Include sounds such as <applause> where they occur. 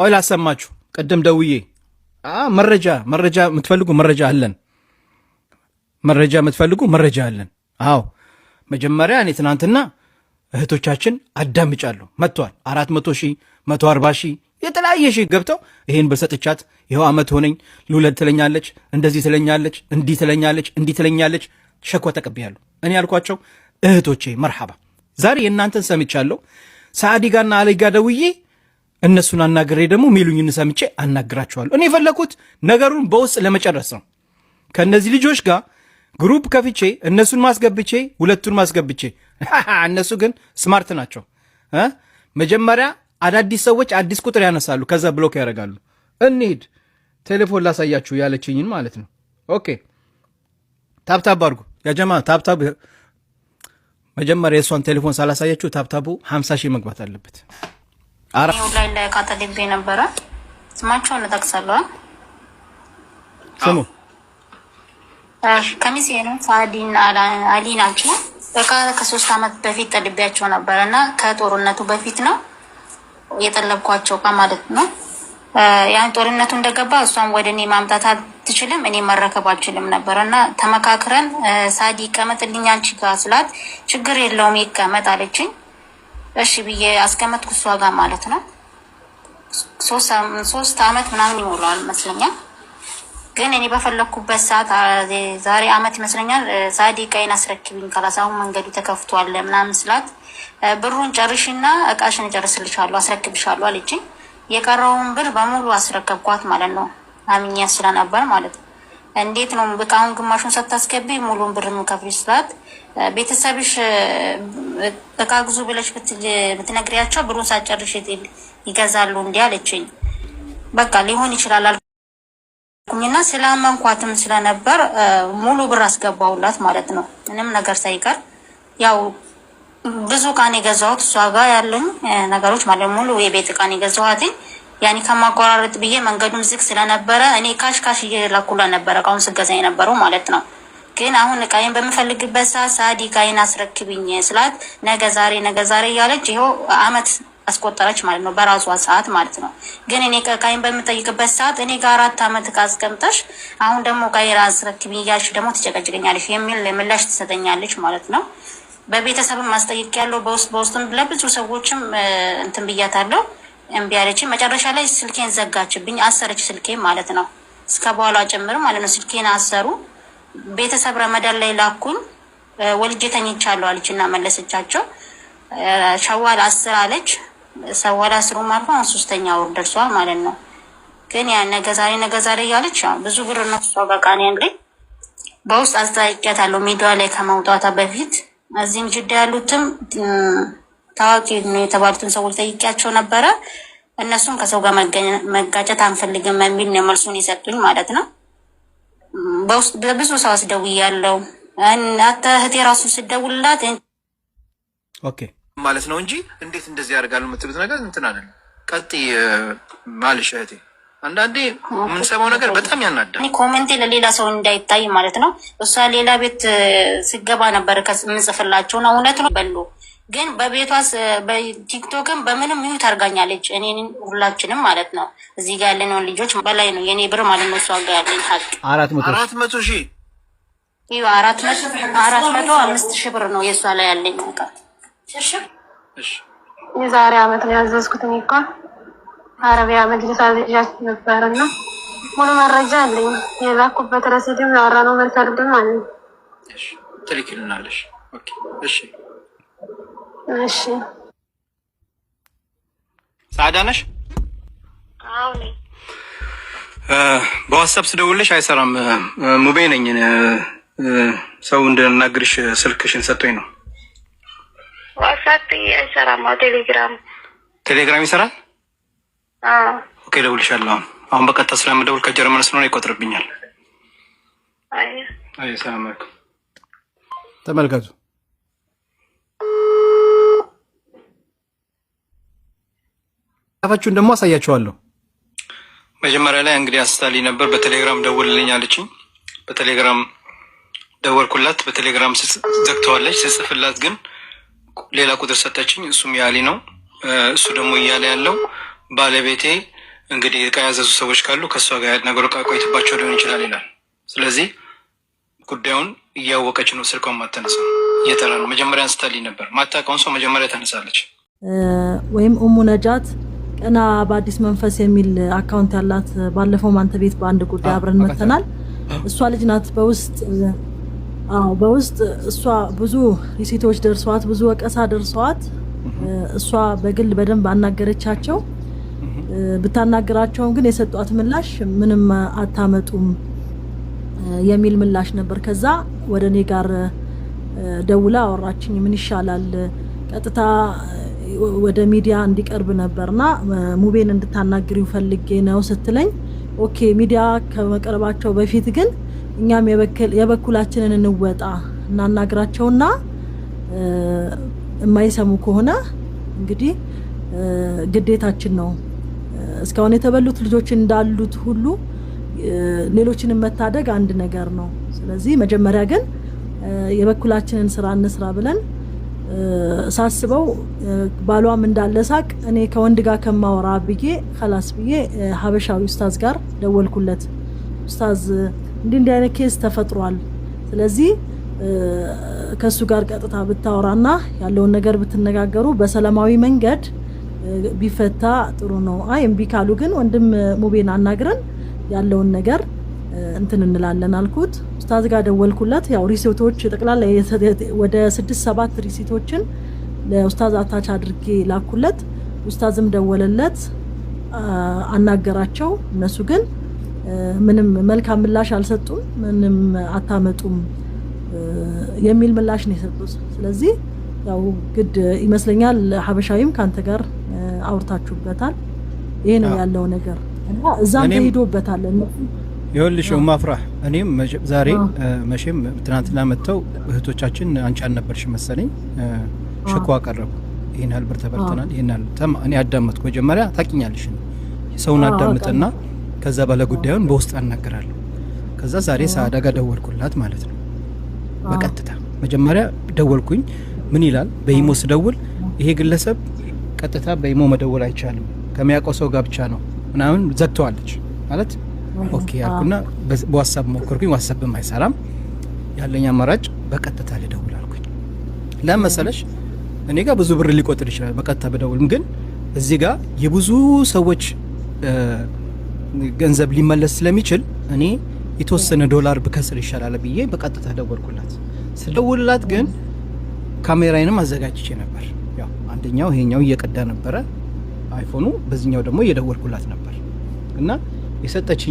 ቆይ ላሰማችሁ። ቅድም ደውዬ መረጃ መረጃ የምትፈልጉ መረጃ አለን፣ መረጃ የምትፈልጉ መረጃ አለን። አዎ መጀመሪያ እኔ ትናንትና እህቶቻችን አዳምጫለሁ መጥቷል። አራት መቶ ሺህ መቶ አርባ ሺህ የተለያየ ሺህ ገብተው ይህን ብር ሰጥቻት ይኸው ዓመት ሆነኝ ልውለድ ትለኛለች፣ እንደዚህ ትለኛለች፣ እንዲህ ትለኛለች፣ እንዲህ ትለኛለች። ሸኮ ተቀብያለሁ። እኔ ያልኳቸው እህቶቼ መርሓባ ዛሬ የእናንተን ሰምቻለሁ። ሰዓዲ ጋና አለጋ ደውዬ እነሱን አናግሬ ደግሞ ሚሉኝን ሰምቼ አናግራቸዋለሁ። እኔ የፈለግኩት ነገሩን በውስጥ ለመጨረስ ነው። ከእነዚህ ልጆች ጋር ግሩፕ ከፍቼ እነሱን ማስገብቼ ሁለቱን ማስገብቼ፣ <laughs> እነሱ ግን ስማርት ናቸው። መጀመሪያ አዳዲስ ሰዎች አዲስ ቁጥር ያነሳሉ፣ ከዛ ብሎክ ያደርጋሉ። እንሂድ ቴሌፎን ላሳያችሁ ያለችኝን ማለት ነው። ኦኬ ታብታብ አድርጉ ያጀማ ታብታብ። መጀመሪያ የእሷን ቴሌፎን ሳላሳያችሁ ታብታቡ 50 ሺህ መግባት አለበት። ላይ እንዳይቃጠልቤ ነበረ። ስማቸውን እጠቅሳለሁ። ስሙ ከሚሴ ነው። ሳዲን አሊ ናቸው። በቃ ከሶስት አመት በፊት ጠልቤያቸው ነበረ እና ከጦርነቱ በፊት ነው የጠለብኳቸው እቃ ማለት ነው። ያን ጦርነቱ እንደገባ እሷም ወደ እኔ ማምጣት አትችልም፣ እኔ መረከብ አልችልም ነበር እና ተመካክረን ሳዲ ይቀመጥልኝ አንቺ ስላት ችግር የለውም ይቀመጥ አለችኝ። እሺ ብዬ አስቀመጥኩ እሷ ጋር ማለት ነው። ሶስት አመት ምናምን ይሞላዋል ይመስለኛል። ግን እኔ በፈለግኩበት ሰዓት ዛሬ አመት ይመስለኛል ሳዲ ቀይን አስረክቢኝ ካላስ አሁን መንገዱ ተከፍቷል ምናምን ስላት ብሩን ጨርሽና እቃሽን እጨርስልሻለሁ አስረክብሻለሁ አለችኝ። የቀረውን ብር በሙሉ አስረከብኳት ማለት ነው። አምኛ ስለነበር ማለት ነው። እንዴት ነው በቃሁን ግማሹን ሳታስገቢ ሙሉን ብር የምከፍልሽ ስላት ቤተሰብሽ እቃ ግዙ ብለሽ ብትነግሪያቸው ብሩን ሳጨርሽ ይገዛሉ እንዲህ አለችኝ። በቃ ሊሆን ይችላል አልኩኝና ስለአመንኳትም ስለነበር ሙሉ ብር አስገባውላት ማለት ነው፣ ምንም ነገር ሳይቀር ያው ብዙ እቃን የገዛሁት እሷ ጋር ያለኝ ነገሮች ማለት ሙሉ የቤት እቃን የገዛኋትኝ ያኔ ከማቆራረጥ ብዬ መንገዱም ዝግ ስለነበረ እኔ ካሽ ካሽ እየላኩላ ነበረ እቃውን ስገዛ የነበረው ማለት ነው። ግን አሁን እቃዬን በምፈልግበት ሰዓት ሳዲ እቃዬን አስረክብኝ ስላት ነገ ዛሬ ነገ ዛሬ እያለች ይኸው አመት አስቆጠረች ማለት ነው። በራሷ ሰዓት ማለት ነው። ግን እኔ እቃዬን በምጠይቅበት ሰዓት እኔ ጋር አራት አመት እቃ አስቀምጠሽ አሁን ደግሞ እቃዬን አስረክብኝ እያልሽ ደግሞ ትጨቀጭቀኛለሽ የሚል ምላሽ ትሰጠኛለች ማለት ነው። በቤተሰብም ማስጠየቅ ያለው በውስጥ በውስጥም ለብዙ ሰዎችም እንትን ብያታለሁ። እምቢ አለች። መጨረሻ ላይ ስልኬን ዘጋችብኝ፣ አሰረች ስልኬን ማለት ነው። እስከ በኋላ ጭምር ማለት ነው። ስልኬን አሰሩ። ቤተሰብ ረመዳን ላይ ላኩኝ። ወልጄ ተኝቻለሁ አለች እና መለሰቻቸው። ሸዋል አስር አለች። ሸዋል አስሩ ማለት ነው ሶስተኛ ወር ደርሷል ማለት ነው። ግን ያ ነገ ዛሬ ነገ ዛሬ እያለች ብዙ ብር ነው እሷ። በቃ እኔ እንግዲህ በውስጥ አለው ሚዲያ ላይ ከመውጣቷ በፊት እዚህም ጅዳ ያሉትም ታዋቂ የተባሉትን ሰዎች ጠይቄያቸው ነበረ። እነሱም ከሰው ጋር መጋጨት አንፈልግም የሚል ነው መልሱን የሰጡኝ ማለት ነው። በብዙ ሰው አስደውያለሁ። አተ እህቴ ራሱ ስደውልላት ማለት ነው እንጂ እንዴት እንደዚህ ያደርጋሉ የምትሉት ነገር እንትን አለ። ቀጥይ ማልሽ እህቴ። አንዳንዴ የምንሰማው ነገር በጣም ያናዳል። ኮሜንቴ ለሌላ ሰው እንዳይታይ ማለት ነው። እሷ ሌላ ቤት ስገባ ነበር የምንጽፍላቸውን እውነት ነው በሉ ግን በቤቷ በቲክቶክም በምንም ይሁት አርጋኛለች እኔን ሁላችንም ማለት ነው እዚህ ጋር ያለነውን ልጆች በላይ ነው የኔ ብር ማለት ነው። እሷ ጋር ያለኝ ሀቅ አራት መቶ አራት መቶ ሺህ አራት መቶ አራት መቶ አምስት ሺህ ብር ነው የእሷ ላይ ያለኝ ቃ የዛሬ አመት ነው ያዘዝኩት። እኔ እንኳ አረቢያ መጅልስ አዘዣችሁ ነበር እና ሙሉ መረጃ አለኝ። የላኩበት ረሲድም ያወራነው መርተርድም አለ ትልክልናለሽ። እሺ እሺ ሰዓዳ ነሽ? አዎ ነኝ። በዋትሳፕ ስደውልሽ አይሰራም። ሙቤ ነኝ። ሰው እንድናግርሽ ስልክሽን ሰጥቶኝ ነው። ዋትሳፕ አይሰራም። ቴሌግራም ቴሌግራም ይሰራል። ኦኬ፣ እደውልልሻለሁ። አሁን በቀጥታ ስለምደውል ከጀርመን ስለሆነ ይቆጥርብኛል። አይ ሰላም አለይኩም። ተመልከቱ መጽሐፋችሁን ደግሞ አሳያችኋለሁ። መጀመሪያ ላይ እንግዲህ አንስታልኝ ነበር። በቴሌግራም ደውልልኝ አለችኝ። በቴሌግራም ደወልኩላት። በቴሌግራም ዘግተዋለች። ስጽፍላት ግን ሌላ ቁጥር ሰጠችኝ። እሱም ያሊ ነው። እሱ ደግሞ እያለ ያለው ባለቤቴ እንግዲህ እቃ ያዘዙ ሰዎች ካሉ ከእሷ ጋር ነገሩ እቃ ቆይትባቸው ሊሆን ይችላል ይላል። ስለዚህ ጉዳዩን እያወቀች ነው። ስልኳን ማተነሳ እየጠራ ነው። መጀመሪያ አንስታልኝ ነበር። ማታውቀውን ሰው መጀመሪያ ተነሳለች። ወይም እሙ ነጃት ቀና በአዲስ መንፈስ የሚል አካውንት ያላት ባለፈው አንተ ቤት በአንድ ጉዳይ አብረን መተናል። እሷ ልጅ ናት በውስጥ አዎ በውስጥ እሷ ብዙ የሴቶች ደርሰዋት ብዙ ወቀሳ ደርሰዋት እሷ በግል በደንብ አናገረቻቸው። ብታናገራቸውም ግን የሰጧት ምላሽ ምንም አታመጡም የሚል ምላሽ ነበር። ከዛ ወደ እኔ ጋር ደውላ አወራችኝ። ምን ይሻላል ቀጥታ ወደ ሚዲያ እንዲቀርብ ነበርና ሙቤን እንድታናግሪው ፈልጌ ነው ስትለኝ፣ ኦኬ ሚዲያ ከመቅረባቸው በፊት ግን እኛም የበኩላችንን እንወጣ እናናግራቸውና የማይሰሙ ከሆነ እንግዲህ ግዴታችን ነው። እስካሁን የተበሉት ልጆች እንዳሉት ሁሉ ሌሎችንም መታደግ አንድ ነገር ነው። ስለዚህ መጀመሪያ ግን የበኩላችንን ስራ እንስራ ብለን ሳስበው ባሏም እንዳለ ሳቅ እኔ ከወንድ ጋር ከማወራ ብዬ ከላስ ብዬ ሀበሻዊ ኡስታዝ ጋር ደወልኩለት። ኡስታዝ እንዲህ እንዲህ አይነት ኬዝ ተፈጥሯል፣ ስለዚህ ከእሱ ጋር ቀጥታ ብታወራና ያለውን ነገር ብትነጋገሩ በሰላማዊ መንገድ ቢፈታ ጥሩ ነው። አይ እምቢ ካሉ ግን ወንድም ሙቤን አናግረን ያለውን ነገር እንትን እንላለን አልኩት። ኡስታዝ ጋር ደወልኩላት። ያው ሪሲቶች ጠቅላላ ወደ ስድስት ሰባት ሪሲቶችን ለኡስታዝ አታች አድርጌ ላኩለት። ኡስታዝም ደወለለት፣ አናገራቸው። እነሱ ግን ምንም መልካም ምላሽ አልሰጡም። ምንም አታመጡም የሚል ምላሽ ነው የሰጡት። ስለዚህ ያው ግድ ይመስለኛል ሀበሻዊም ከአንተ ጋር አውርታችሁበታል። ይሄ ነው ያለው ነገር እና እዛም ተሄዶበታል ይኸውልሽ ማፍራህ እኔም ዛሬ መቼም ትናንትና መጥተው እህቶቻችን አንቺ አልነበርሽ መሰለኝ ሸክዋ አቀረቡ። ይህን ያህል ብር ይህን ያህል እኔ አዳመጥኩ። መጀመሪያ ታውቂኛለሽ፣ ሰውን አዳምጥና ከዛ ባለ ጉዳዩን በውስጥ አናገራለሁ። ከዛ ዛሬ ሰአዳ ጋር ደወልኩላት ማለት ነው። በቀጥታ መጀመሪያ ደወልኩኝ። ምን ይላል በኢሞ ስደውል ይሄ ግለሰብ ቀጥታ በኢሞ መደወል አይቻልም ከሚያውቀው ሰው ጋር ብቻ ነው ምናምን ዘግተዋለች ማለት ኦኬ አልኩና በዋሳብ ሞከርኩኝ። ዋሳብም አይሰራም። ያለኝ አማራጭ በቀጥታ ልደውል አልኩኝ። ለመሰለሽ እኔ ጋር ብዙ ብር ሊቆጥር ይችላል በቀጥታ ብደውልም፣ ግን እዚህ ጋር የብዙ ሰዎች ገንዘብ ሊመለስ ስለሚችል እኔ የተወሰነ ዶላር ብከስር ይሻላል ብዬ በቀጥታ ደወልኩላት። ስደውልላት ግን ካሜራዬንም አዘጋጅቼ ነበር። ያው አንደኛው ይሄኛው እየቀዳ ነበረ አይፎኑ፣ በዚህኛው ደግሞ እየደወልኩላት ነበር እና isa touch